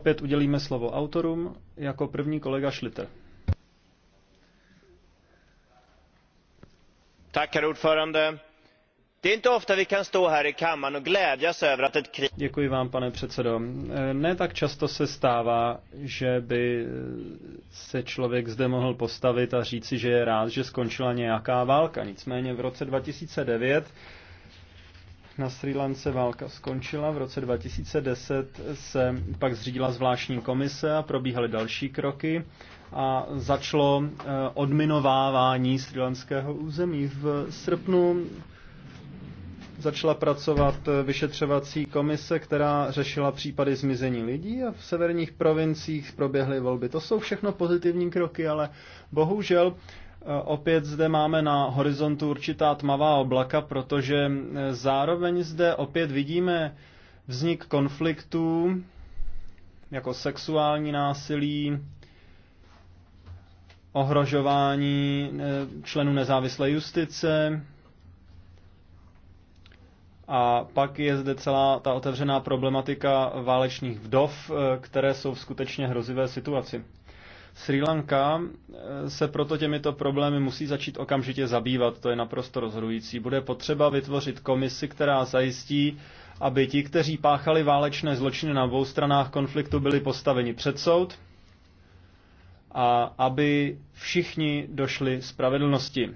Opět udělíme slovo autorům, jako první kolega Schlitter. Tak, herr ordförande. Děkuji vám, pane předsedo. Eh, ne tak často se stává, že by eh, se člověk zde mohl postavit a říci, že je rád, že skončila nějaká válka. Nicméně v roce 2009 na Sri Lance válka skončila. V roce 2010 se pak zřídila zvláštní komise a probíhaly další kroky a začalo eh, odminovávání Sri Lanského území. V srpnu začala pracovat eh, vyšetřovací komise, která řešila případy zmizení lidí a v severních provinciích proběhly volby. To jsou všechno pozitivní kroky, ale bohužel Eh, opět zde máme na horizontu určitá tmavá oblaka, protože eh, zároveň zde opět vidíme vznik konfliktů jako sexuální násilí, ohrožování eh, členů nezávislé justice, a pak je zde celá ta otevřená problematika válečných vdov, které jsou v skutečně hrozivé situaci. Sri Lanka eh, se proto těmito problémy musí začít okamžitě zabývat, to je naprosto rozhodující. Bude potřeba vytvořit komisi, která zajistí, aby ti, kteří páchali válečné zločiny na obou stranách konfliktu, byli postaveni před soud a aby všichni došli spravedlnosti.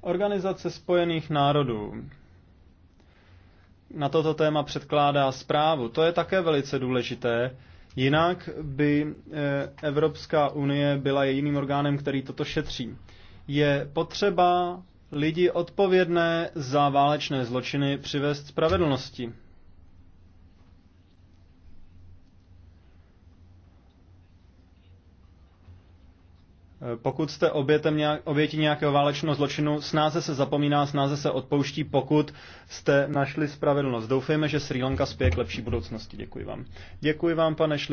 Organizace spojených národů na toto téma předkládá zprávu. To je také velice důležité, Jinak by eh, Evropská unie byla jediným orgánem, který toto šetří. Je potřeba lidi odpovědné za válečné zločiny přivést spravedlnosti. Pokud jste obětem nějak, oběti nějakého válečného zločinu, snáze se zapomíná, snáze se odpouští, pokud jste našli spravedlnost. Doufejme, že Sri Lanka spěje k lepší budoucnosti. Děkuji vám. Děkuji vám, pane Šli.